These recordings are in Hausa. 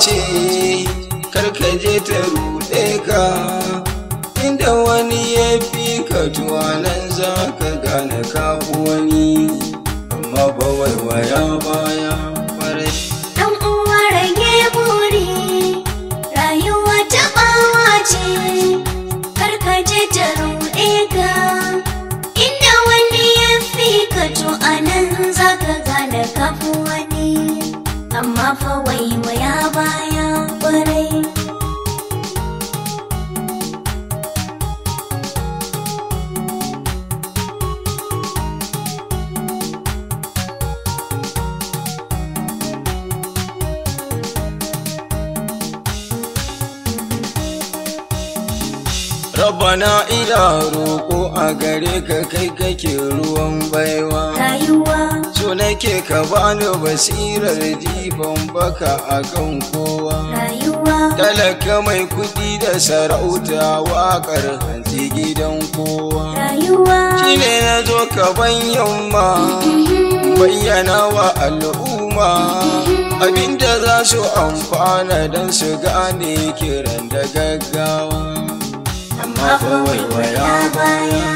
ce je ta ruɗe ka inda wani ya fi ka tuwanan za ka gane kafu wani amma ba ya baya farashi ɗan uwa rage buri rayuwa ta ɓawa ce je ta ruɗe ka inda wani ya fi ka tuwanan za ka gane kafu wani amma fa Rabbana ina roƙo a gare ka kai kake ruwan baiwa. Rayuwa. So nake ka bani basirar jifan baka a kan kowa. Rayuwa. Talaka mai kuɗi da sarauta waƙar hanci gidan kowa. Rayuwa. Shi na zo ka bayan ma. Mm-hmm. Bayyana wa al'umma. Mm-hmm. abinda za su amfana don su gane kiran da gaggawa. aka waiwaya baya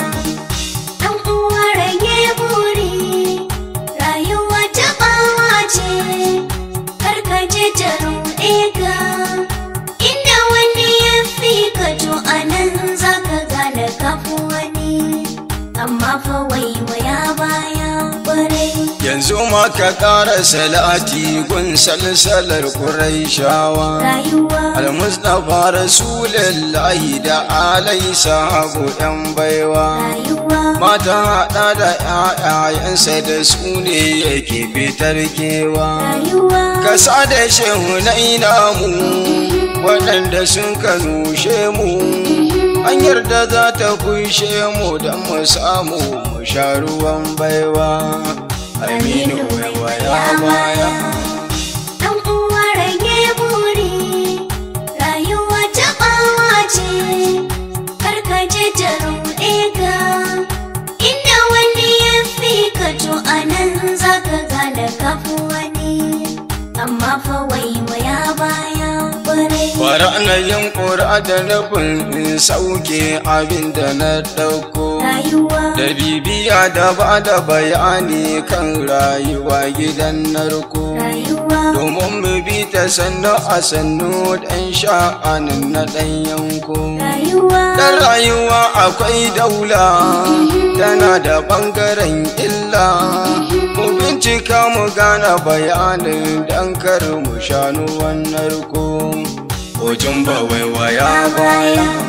an uwa rage buri rayuwa ta bawa ce karkace ta ruɗe ka inda wani ya fi ka to anan zaka gane kafu wani amma fa baya ƙwarai yanzu ma ka ƙara salati gun salsalar ƙurai shawa almustafa rasulillahi da alai sahabu yan baiwa mata haɗa da ƴaƴayensa da su ne yake fitar kewa ka sada da shehu na mu waɗanda sun kanushe mu An yarda za ta kushe mu don mu samu mu sha ruwan baiwa aminu mai maya yanayin ƙura da nufin in sauke abin da na ɗauko da bibiya da ba da bayani kan rayuwa gidan narko domin mu bi ta sannu a sannu ɗan sha'anin na ɗan yanko ɗan rayuwa akwai daula mm-hmm. tana da ɓangaren illa mm-hmm. mu bincika mu gana bayanin don mu shanu wannan ujumba wewa ya baya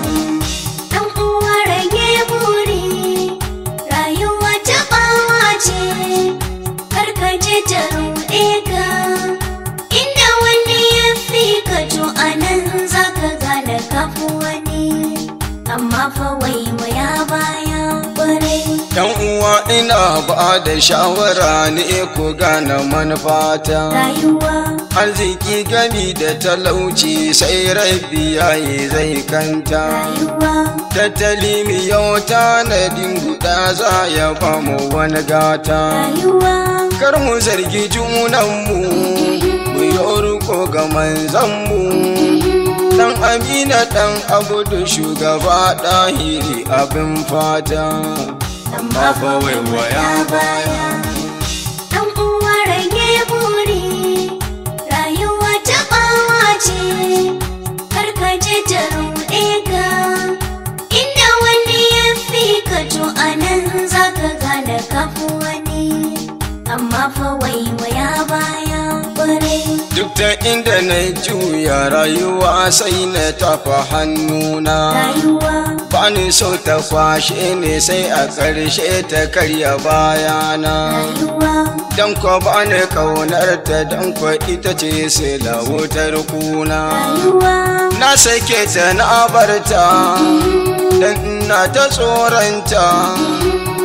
yan uwa ina ba da shawara ne ku gane manufata arziki gami da talauci sai rabbi yayi zai kanta tattali miyau tanadin guda za ya ba mu wani gata kar mu zargi junanmu mu yi ga manzanmu mm-hmm. dan amina dan abudu shugaba ɗahiri abin fata amma fa waiwaya baya Ɗan uwa rage buri rayuwa ta bawa ce karka je ta inda wani yafi fi ka to anan zaka gane kafuwa amma fa waiwaya baya Duk da inda na juya rayuwa sai na tafa hannuna Ba ni so ta kwashe ne sai a ƙarshe ta karya bayana Don ko ba ni ƙaunar ta don ko ita ce sila wutar kuna Na sake ta na barta mm-hmm. don na ta tsoronta. Mm-hmm.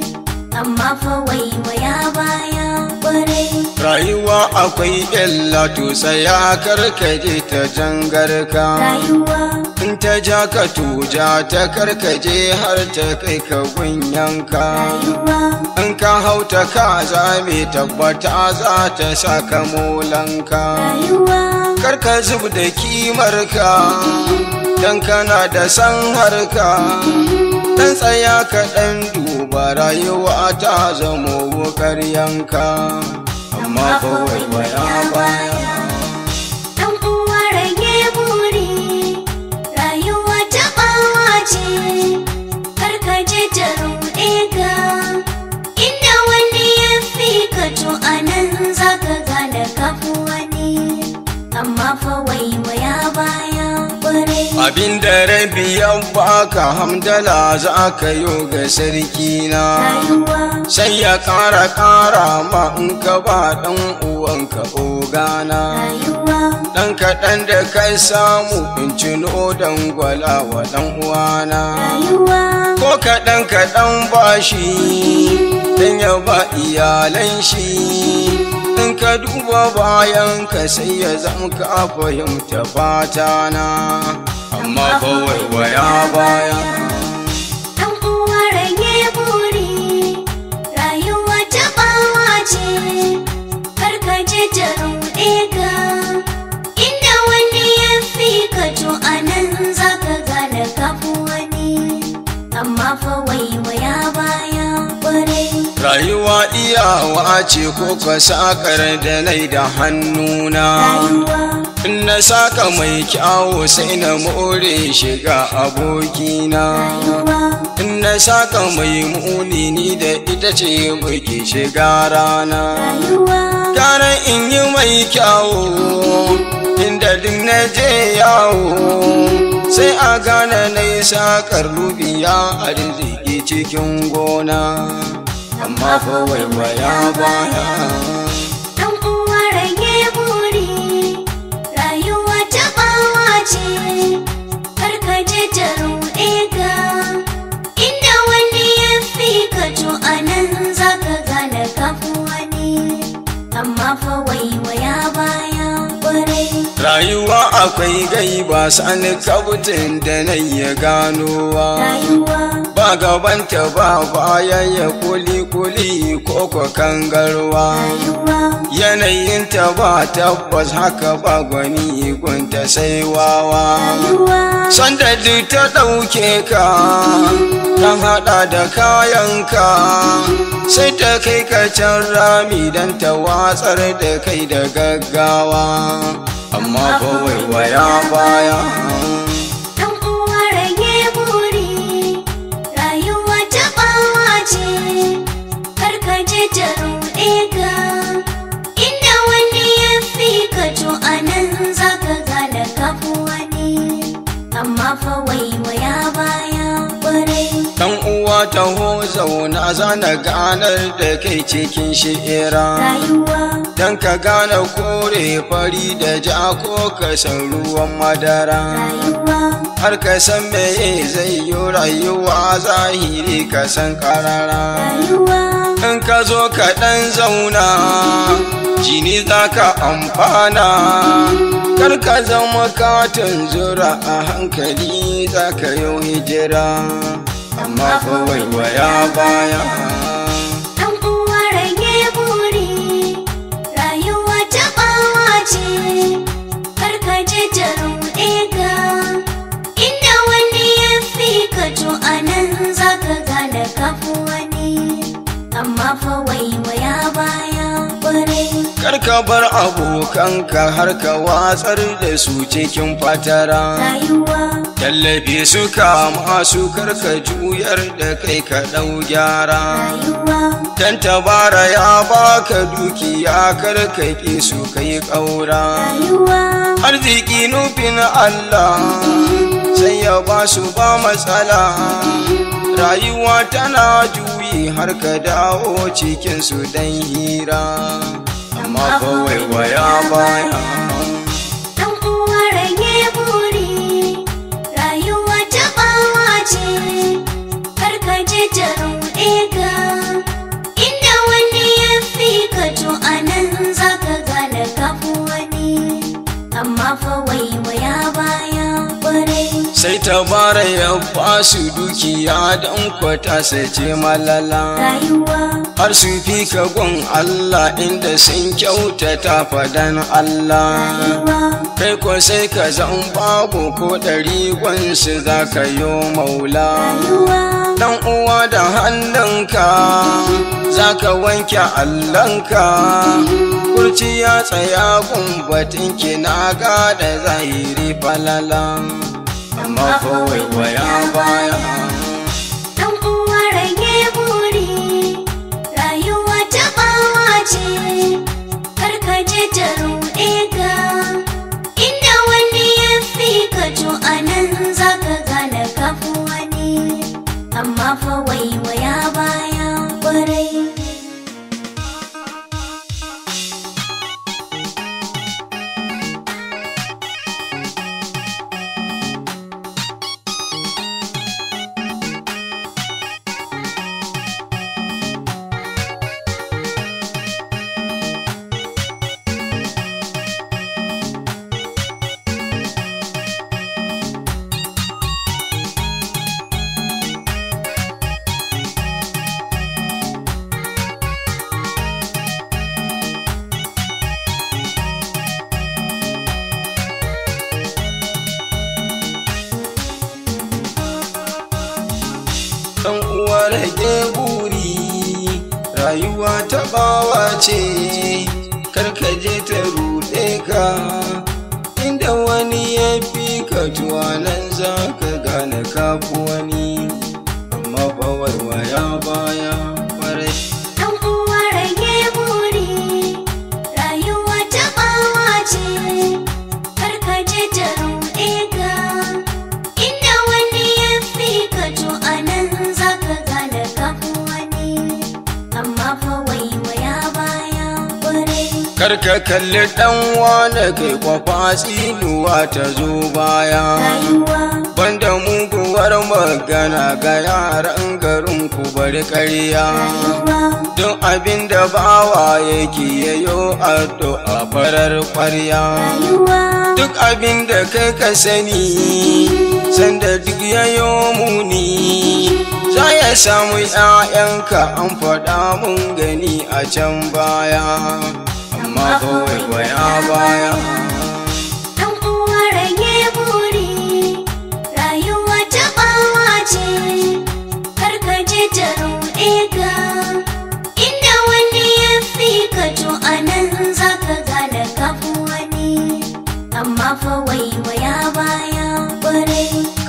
amma fa baya kwarai rayuwa akwai illa to ya karkaje ta jangarka rayuwa in ta ja ka tuja ta karkaje har ta kai ka gunyanka in ka hauta ka zame tabbata za ta saka Kar ka zub da kimarka mm-hmm. dan kana da san harka mm-hmm. dan tsaya ka dan ba rayuwa ta zamo wukar yanka amma kawai baya baya uwa rage buri rayuwa ta bawa ce karkace ta ruɗe ka inda wani ya fi ka to nan zaka gane kafu wani amma fa wai baya baya abin da rabi ya baka hamdala za ka yi ga sarki na sai ya ƙara ƙara ma in ka ba ɗan uwanka ogana ɗan kaɗan da kai samu in cino gwala wa ɗan uwana ko kaɗan kaɗan bashi mm-hmm. don ya ba iyalan shi in ka duba bayan ka sai ya zama ka fahimta fata na amma ko wai wai abaya rayuwa iyawa ce ko ka sakar da nai da hannuna na saka mai kyawo sai na more shiga abokina na saka mai muni ni da ita ce muke shiga rana gara in yi mai kyawo inda duk na je yawo sai a gane na yi sakar rubiya a cikin gona amma fa waiwaya baya rayuwa akwai gaiba sani kabutin da na ya ganowa ba gabanta ba bayan ya kuli kuli koko kangarwa yanayinta ba tabbas haka ba gwani gunta sai wawa sanda duk ta ɗauke ka mm. kan haɗa da kayanka mm. sai kai ka can rami don ta watsar da kai da gaggawa amma kawai waya baya zana ganar da kai cikin shi'ira don ka gane kore fari da ja ko ka ruwan madara har ka san meye zai yi rayuwa zahiri ka san karara in ka zo ka dan zauna jini za ka amfana kar ka zama katon zura a hankali za ka yi hijira aka waiwaya baya ka bar abokanka har ka watsar da su cikin fatara tallafi su kama su karka juyar da kai ka ɗau gyara dan tabara ya baka dukiya karka ke su kai ƙaura arziki nufin allah mm-hmm. sai ya ba su ba matsala mm-hmm. rayuwa tana juyi har ka dawo cikinsu dan hira mother with way up on sai ta bara ya ba dukiya don kwata sai ce malala har su fi ka gwan Allah inda sun kyautata fadan Allah kai ko sai ka zan babu ko ɗari gwansu za ka yi maula dan uwa da hannunka za ka wanke allanka kurci ya tsaya kun batinki na gada zahiri falalan mafawaiwaya baya ɗan uwa rage buri rayuwa ta bawa ce karkace ta ruɗe ka inda wani ya fi ka to anan zaka gane kafu wani amma fawai buri rayuwa ta bawa ce je ta ruɗe ka inda wani ya fi ka nan za ka gane kafuwa Kar ka kalli ɗan wane kai kwafa siluwa ta zo baya. Banda muguwar magana ga yaran garin ku bari ƙarya. Don abin da bawa yake yayo a farar ƙwarya. Duk abinda da kai ka sani, sanda duk yayo muni. Za ya samu ‘ya'yanka an faɗa mun gani a can baya. mà thôi quay a bay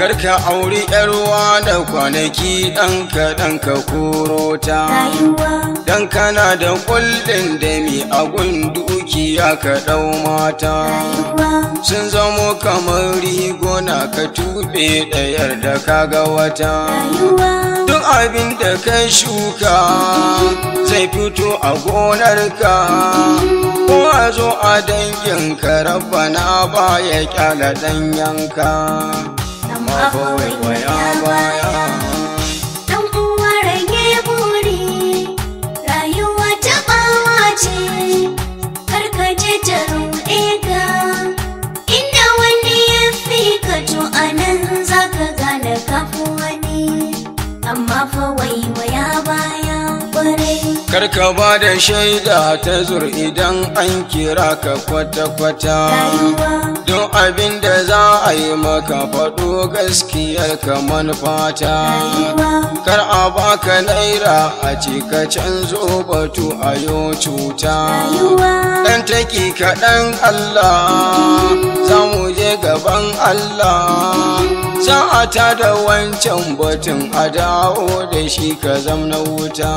karka auri yarwa da kwanaki ɗan dan ka kurota dan kana da kullin da mi agun dukiya ka ɗau mata sun zamo kamar rigona ka tuɓe dayar da ga wata duk abin da ka shuka zai fito a gonarka ko a zo a dangin ka rabba na baya kyala yanka. abawai wai abaya dan uwa rage buri rayuwa ta bawa kar ka je ta ruɗe ka inda wani ya fi ka to anan zaka gane kafu wani amma fa wai baya Kar ka ba da shaida ta zur idan an kira ka kwata-kwata. abin da za a yi maka faɗo gaskiyar kaman fata kar a baka naira a cika canzo batu a yo cuta ɗan take kaɗan Allah mm. za mu je gaban Allah za a da wancan batun a dawo da shi ka zamna wuta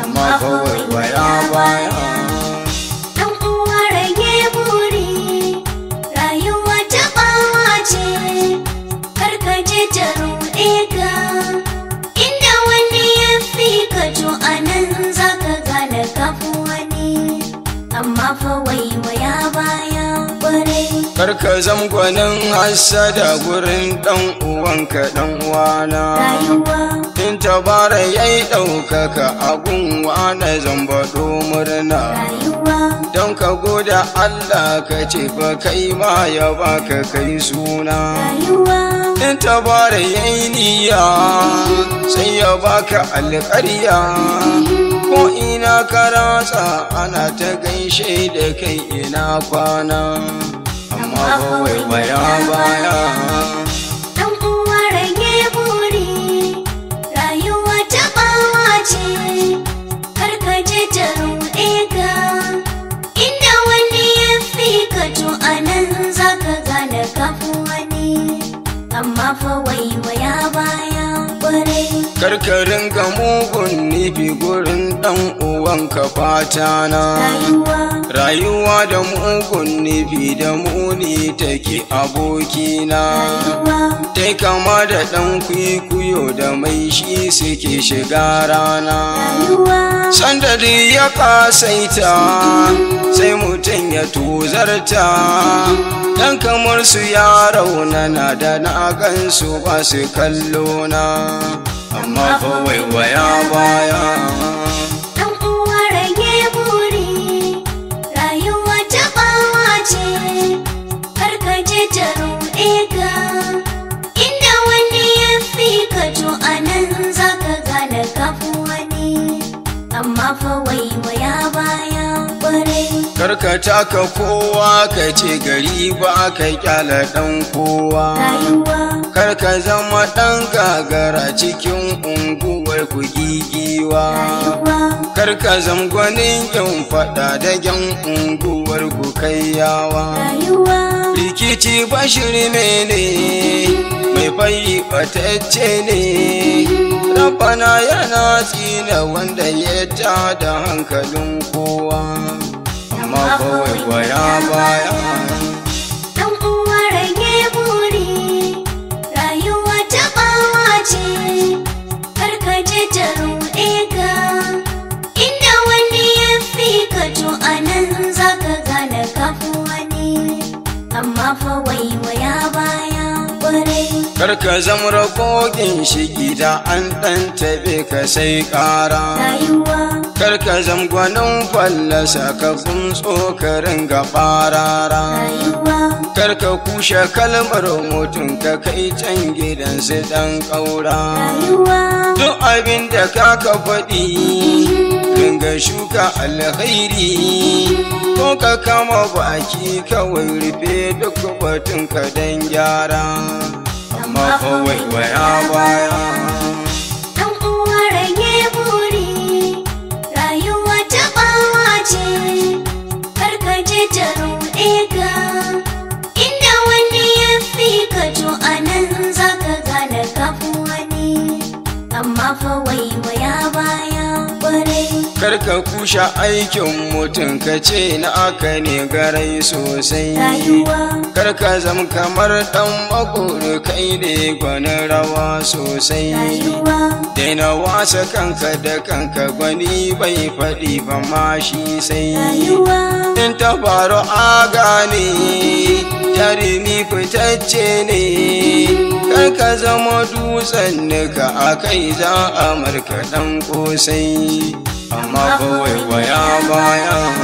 amma kawai baya baya fa ya baya Karka zam gwanin hasada gurin ɗan uwanka ɗan uwana. In tabara ya yi ɗaukaka a gunwa na zambaɗo murna. Don ka goda Allah ka ce ba kai ma ya baka kai suna. In tabara ya yi niyya sai ya baka alƙarya. Mhm. na karatsa ana ta gaishe da kai ina kwana amma kawai baya baya dan uwa rage buri rayuwa ta bawa ce kar ka je ta ruɗe inda wani ya fi ka to anan zaka gane kafu wani amma fa wai baya baya kwarai karkarin ga mugun bi gurin ɗan uwanka fata na rayuwa da mugun nufi da muni take abokina ta kama da ɗan kwikwiyo da mai shi suke shiga rana sanda ya kasaita mm-hmm. sai mutum ya tozarta dan kamar su ya raunana da na gansu ba su kallo na amma fa waiwaya baya Ɗan uwa rage buri rayuwa ta ce kar ka je ta ruɗe inda wani ya fi ka to anan za ka gane kafin wani amma fa waiwaya baya Kar ka taka kowa ka ce gari ba ka kyala ɗan kowa. Rayuwa. kar ka zama ɗan gagara cikin unguwar ku gigiwa kar ka zama gwanin yin faɗa da yan unguwar ku kaiyawa rikici bashir ne mai fayi batacce ne rabana yana tsina wanda ya ta da hankalin kowa amma kawai baya karka zamra kogin shi gida an ɗan taɓe ka sai ƙara karka zamgwanin fallasa ka kun tsokarin ga ɓarara karka kushe kalmar mutum ka kai can gidan su ɗan ƙaura duk abin da ka ka faɗi dinga mm-hmm. shuka alkhairi mm-hmm. ko ka kama baki kawai rufe duk batun ka dan gyara Afa waiwaya Ɗan uwa rage buri Rayuwa ta bawa ce Kar ka je ta Inda wani ya fi ka to a nan za ka gane kafin wani Amma fa waiwaya baya Kar ka kusha aikin mutum ka ce na aka ne garai sosai Kar ka zama kamar ɗan makoro ide gwani rawa sosai daina wasa kanka da kanka gwani bai faɗi ba ma shi sai in tabaro faru a gane jarumi fitacce ne kar ka zama dutsen nika a kai za a markaɗan ƙosai amma kawai baya baya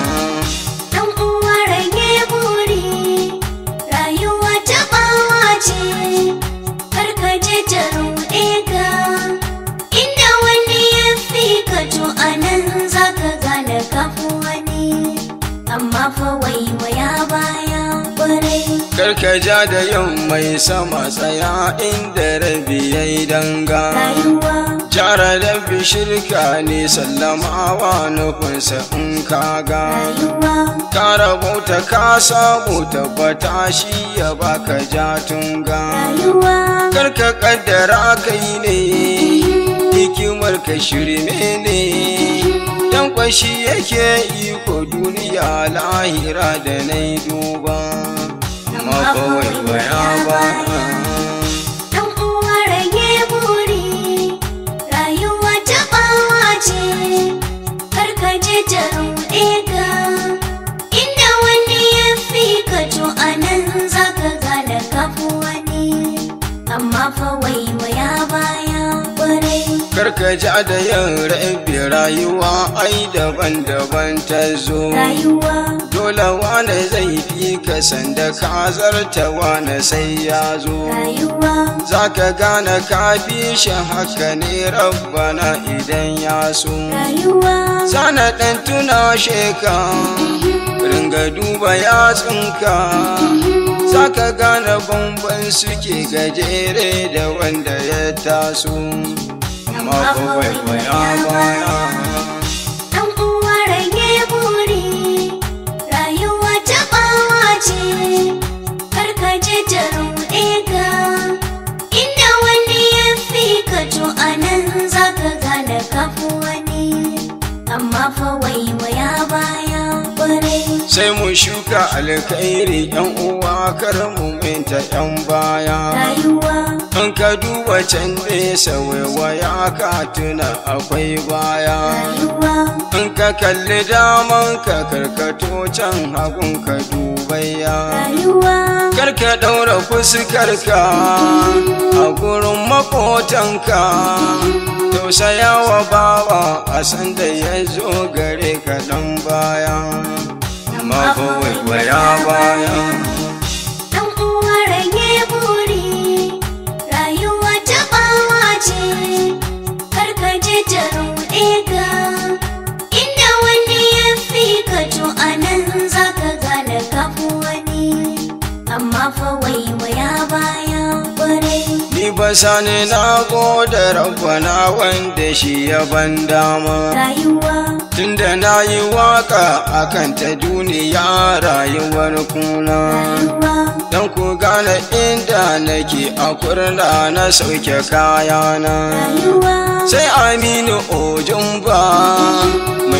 karka ja da yau mai sama tsaya inda rabi ya yi danga jara da shirka ne sallama wa nufinsa in ka ga. ka rabauta ka samu tabbata shi ya baka ja tun tunga karka kaddara kai ne mm-hmm. hikimar ka shirme ne dan mm-hmm. kwashi yake iko duniya lahira da yi duba Oh, boy, boy, oh, boy, ka ja da yin rabi rayuwa ai daban-daban ta zo dole wane zai fi ka sanda ka zarta wane sai ya zo za ka gane ka fi shi haka ne rabbana idan ya so sana ɗan tuna sheka mm-hmm. ringa duba yatsunka mm-hmm. za ka gane bamban suke gajere da wanda ya taso makwai a baya Ɗan uwa rage buri rayuwa ta ce karkace ta ruɗe ka inda wani ya fi ka to a nan za ka gane kafu wani amma fa waiwaya baya ƙwarai sai mun shuka alkhairi ɗan uwa kar mu ta yan baya in ka duba can nesa waiwaya ka tuna akwai baya in ka kalli daman ka karkato can hagun ka dubayya karka fuskar fuskarka a gurin makotanka wa bawa a sanda ya zo gare ka ɗan baya mako waiwaya baya amma fa waiwaya baya kware. Ni ba sani na gode rabbana wanda shi ya ban dama. Rayuwa. Tunda na yi waka akan ta duniya rayuwar kuna. Rayuwa. Don ku gane inda nake a kurna na sauke kayana. Rayuwa. Sai Aminu o oh,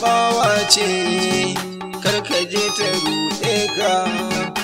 bawa ce karka je ta ruɗe ka